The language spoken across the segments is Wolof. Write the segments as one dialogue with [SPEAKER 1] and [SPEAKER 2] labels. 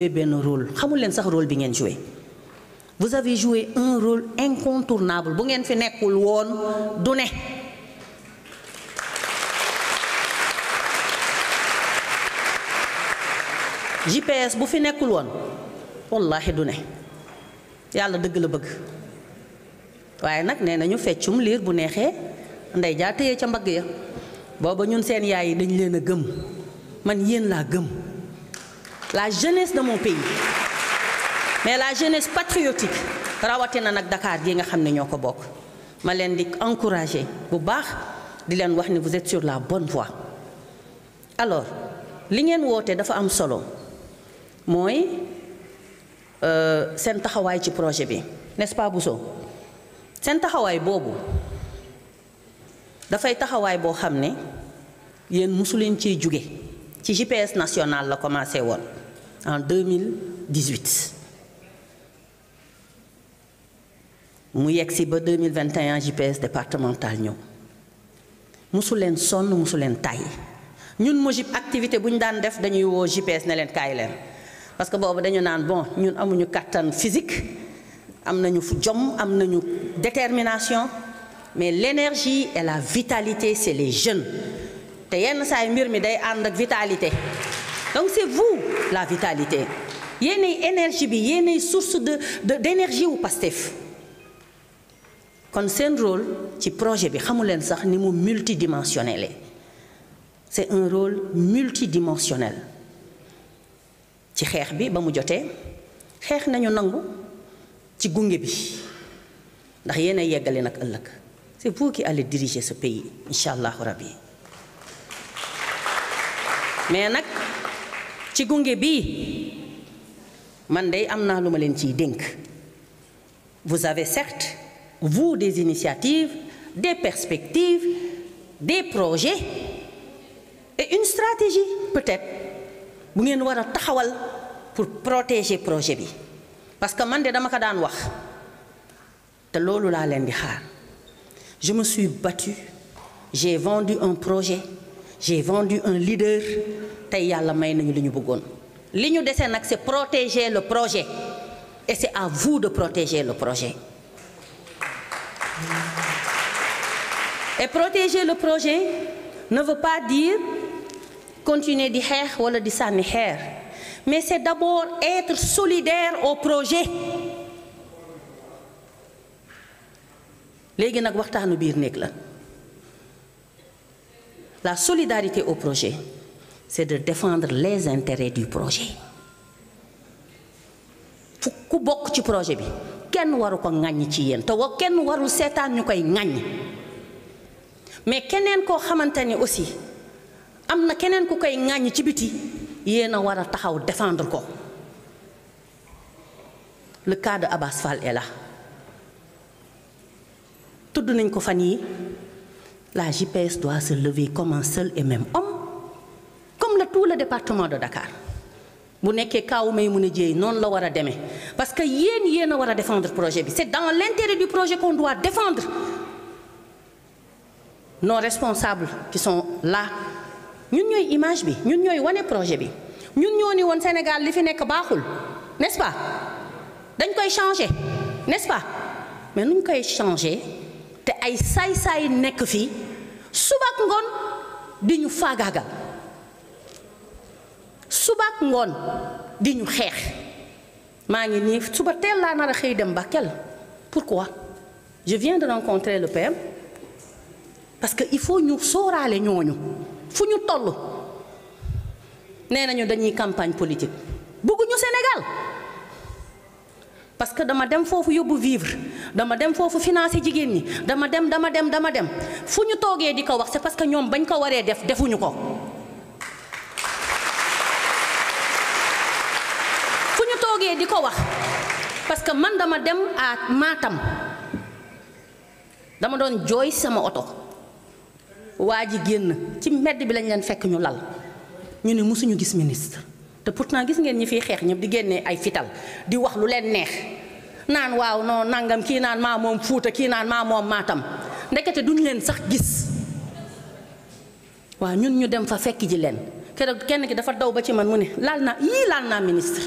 [SPEAKER 1] benn rôle xamul sax rôle bi ngeen joué vous avez joué un rôle incontournable bu ngeen fi nekkul woon du ne bu fi nekkul woon wallahi du ne yàlla dëgg la bëgg waaye nag nee nañu feccum liir bu neexee ndey jaa téye ca mbagg ya booba ñun seen yaay yi dañ leen a gëm man yéen laa gëm la jeunesse de mon pays mais la jeunesse patriotique rawatina nag dakaar gi nga xam ne ñoo ko bokk ma leen di encourager bu baax di leen wax ni vous êtes sur la bonne voie alors li ngeen woote dafa am solo mooy euh, seen taxawaay ci projet bi nest pas Bousso seen taxawaay boobu dafay taxawaay boo xam ne yéen mosu leen ciy jóge ci GPS national la commencé woon en 2018 mu yegg si ba 2021 JPS départemental ñëw mosuleen sonn musu leen tàyyi ñun MOJIP activité bu ñu daan def dañuy woo JPS ne leen kaay leen parce que boobu dañu naan bon ñun amuñu kàttan physique am nañu jom am nañu détermination mais l'énergie et la vitalité c'est les jeunes te yenn saay mbir mi day ànd ak vitalité donc c'est vous la vitalité yéenay énergie bi yéenay source de d'énergie wu Pastef kon seen rôle ci projet bi xamu leen sax ni mu multidimensionnel c'est un rôle multidimensionnel ci xeex bi ba mu jotee xeex nañu nangu ci gunge bi ndax yéen a yeggale nag ëllëg c'est vous qui allez diriger ce pays incha allahu rabbi mais nag ci gunge bii man day am naa lu ma leen ciy dénk vous avez certes vous des initiatives des perspectives des projets et une stratégie peut-être bu ngeen war a taxawal pour protéger projet bi parce que man de dama ko daan wax te loolu laa leen di xaar je me suis battue j'ai vendu un projet j'ai vendu un leader tey yàlla may nañu li ñu bëggoon li ñu dese nag c'est protéger le projet et c'est à vous de protéger le projet et protéger le projet ne veut pas dire continuer di xeex wala di sànni xeer mais c'est d'abord être solidaire au projet léegi nag waxtaanu biir néeg la La solidarité au projet, c'est de défendre les intérêts du projet. fu ku bokk ci projet bi kenn waru ko ŋañ ci yéen te wa kenn warul seetaan ñu koy ŋàññ mais keneen koo xamante ni aussi am na keneen ku koy ŋàññ ci biti yéen a war a taxaw défendre ko lu cas de Abass la tudd nañ ko fan yi la JPS doit se lever comme un seul et même homme comme le tout le département de Dakar bu nekkee kaawu may mun a jéey noonu la war a demee parce que yéen yéen a war a défendre projet bi c'est dans l'intérêt du projet qu'on doit défendre nos responsables qui sont là ñun ñooy image bi ñun ñooy wane projet bi ñun ñoo ni woon Sénégal li fi nekk baaxul n'est-ce dañ koy changer n'est-ce pas mais nuñ koy changer te ay saay-saay nekk fii subaak ngoon di ñu faagaaga subaak ngoon di ñu xeex maa ngi nii suba teel laa nar a xëy dem ba Bakel pourquoi je viens de rencontrer le PM parce que il faut ñu sóoraale ñooñu fu ñu toll nee nañu dañuy campagne politique parce que dama dem foofu yóbbu vivre dama dem foofu financer jigéen ñi dama dem dama dem dama dem fu ñu toogee di ko wax c'est parce que ñoom bañ ko waree def defuñu ko. fu ñu toogee di ko wax parce que man dama dem à Matam dama doon jooy sama oto waa ji génn ci mbedd bi lañ leen fekk ñu lal ñu ne mësuñu gis ministre. te pourtant gis ngeen ñi fiy xeex ñëpp di génnee ay fital di wax lu leen neex naan waaw non nangam kii naan maa moom fuuta kii naan maa moom maatam ndekete duñ leen sax gis waaw ñun ñu dem fa fekk ji leen keroog kenn ki dafa daw ba ci man mu ne laal naa yii laal naa ministre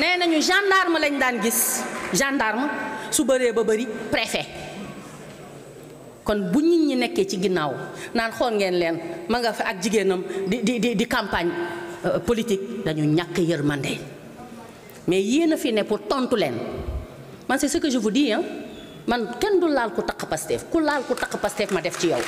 [SPEAKER 1] nee nañu gendarme lañ daan gis gendarme su bëree ba bëri préfet kon bu nit ñi nekkee ci ginnaaw naan xool ngeen leen ma nga fa ak jigéenam di di di di campagne euh, politique dañu ñàkk yërmande mais yéen a fi ne pour tontu leen man c'est ce que je vous man kenn du laal ku taq Pastef ku laal ku taq Pastef ma def ci yow.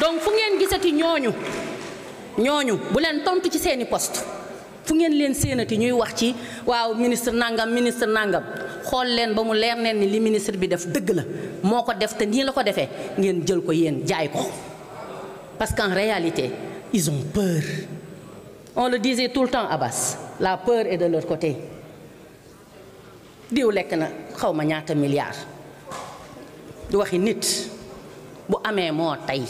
[SPEAKER 1] donc fu ngeen gisati ñooñu ñooñu bu leen tontu ci seeni post fu ngeen leen séenati ñuy wax ci waaw ministre nangam ministre nangam xool leen ba mu leer neen ni li ministre bi def dëgg la moo ko def te nii la ko defee ngeen jël ko yéen jaay ko parce qu'en réalité ils ont peur on le disait tout le temps Abbas la peur et de leur côté diw lekk na xaw ma ñaata milliards du waxi nit bu amee moo tey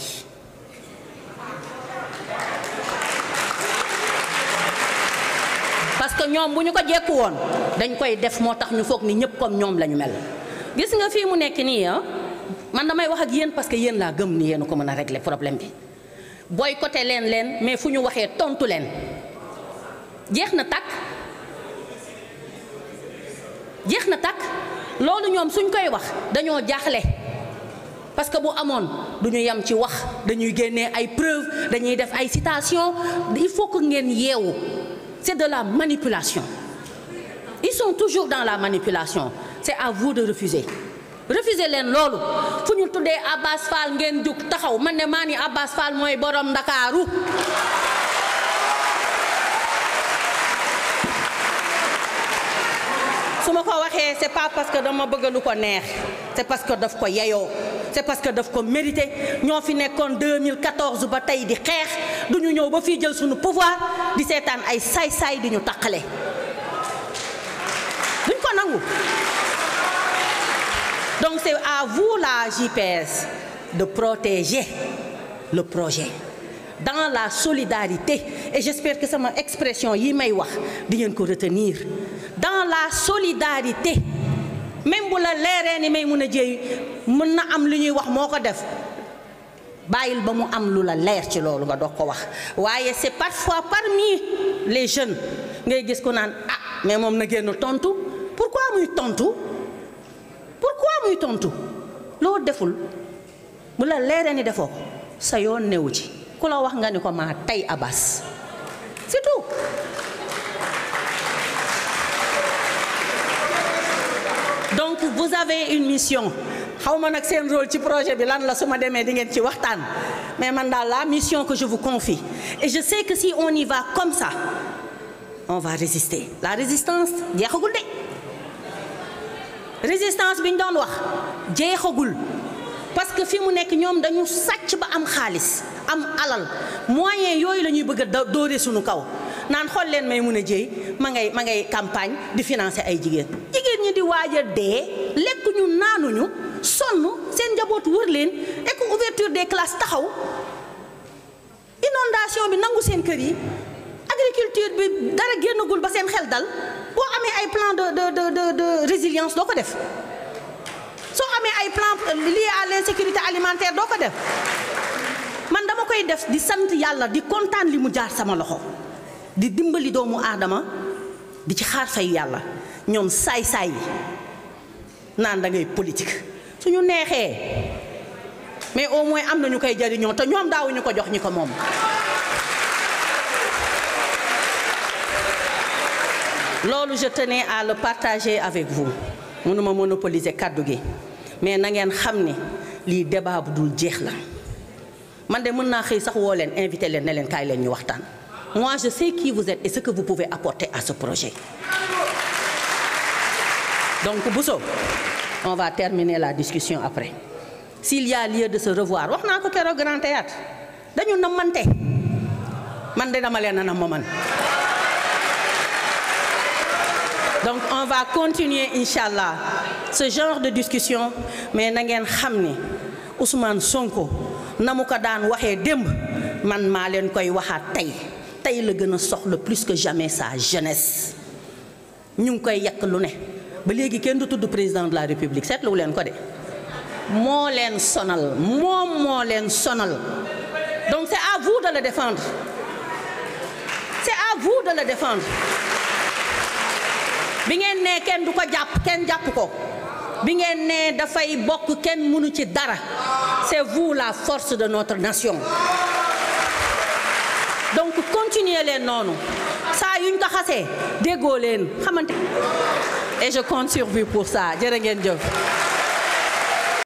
[SPEAKER 1] ñoom bu ñu ko jekku woon dañ koy def moo tax ñu foog ni ñëpp kon ñoom la ñu mel gis nga fii mu nekk nii ah man damay wax ak yéen parce que yéen laa gëm ni yéen ko mën a régler problème bi booy boycotté leen leen mais fu ñu waxee tontu leen jeex na takk jeex na takk loolu ñoom suñ koy wax dañoo jaaxle parce que bu amoon du ñu yem ci wax dañuy génne ay preuve dañuy def ay citation il faut ngeen yeewu c'est de la manipulation ils sont toujours dans la manipulation c'est à vous de refuser refuser leen loolu fu ñu tuddee Abbas Fall ngeen jug taxaw man ne maa ni Abbas Fall mooy borom Ndakaaru su ma ko waxee c'est pas parce que dama bëgg lu ko neex c'est parce que daf ko yeyoo c'est parce que daf ko mérité ñoo fi nekkoon 2014 ba tey di xeex du ñu ñëw ba fii jël suñu pouvoir di seetaan ay saay-saay di ñu taqale duñ ko nangu donc c'est à vous la JPS de protéger le projet dans la solidarité et j'espère que sama expression yi may wax di ngeen ko retenir dans la solidarité même bu la leeree ni may mun a jéey mën na am lu ñuy wax moo ko def bàyyil ba mu am lu la leer ci loolu nga doog ko wax waaye c'est parfois parmi les jeunes ngay gis ko naan ah mais moom na génn tontu pourquoi muy tontu pourquoi muy tontu loo deful bu la leeree ni defoo ko sa yoon newu ci ku la wax nga ni ko maa tey Abbas c'est vous avez une mission xaw ma nag seen rôle ci projet bi lan la su ma demee di ngeen ci waxtaan mais man daal la mission ko je vous confie et je sais que si on y va comme ça on va résister la résistance jeexagul de résistance bi ñu doon wax jeexagul parce que fi mu nekk ñoom dañu sàcc ba am xaalis am alal moyen yooyu lañuy ñuy bëgg a doore suñu kaw naan xool leen may mun a jëy ma ngay ma ngay campagne di financer ay jigéen jigéen ñi di waaj a dee lekk ñu naanuñu sonn seen njaboot wër leen et que ouverture des classes taxaw inondation bi nangu seen kër yi agriculture bi dara génnagul ba seen xel dal boo amee ay plan de de de de résilience doo ko def soo amee ay plan lié à l'insécurité alimentaire doo ko def man dama koy def di sant yàlla di kontaan li mu jaar sama loxo di dimbali doomu aadama di ci xaar fayu yàlla ñoom saay-saay yi naan dangay ngay politique ñu neexee mais au moins am na ñu koy jariñoo te ñoom daawuñu ko jox ñi ko moom loolu je ne à le partager avec vous mënuma monopoliser kàddu gi mais na ngeen xam ni lii débat bu dul jeex la man de mën naa xëy sax woo leen invité leen ne leen kaay leen ñu waxtaan Moi, je sais qui vous êtes et ce que vous pouvez apporter à ce projet. Donc, Bousso, on va terminer la discussion après. S'il y lieu de se revoir, wax naa ko keroog Grand Théâtre dañu nammante man de dama leen a namm man. donc on va continuer incha allah ce genre de discussion mais na ngeen xam ne Ousmane Sonko na mu ko daan waxee démb man maa leen koy waxaat tey. tey la gën a soxla plus que jamais sa jeunesse ñu ngi koy yàq lu ne ba léegi kenn du tudd président de la république seetluwu leen ko de moo leen sonal moom moo leen sonal donc c'est à vous de le défendre c'est de le défendre bi ngeen nee kenn du ko jàpp kenn jàpp ko bi ngeen nee dafay bokk kenn mënu ci dara c'est vous la force de notre nation donc continuer leen noonu saa yuñ ko xasee déggoo leen xamante et je compte sur pour ça jërë ngeen jëf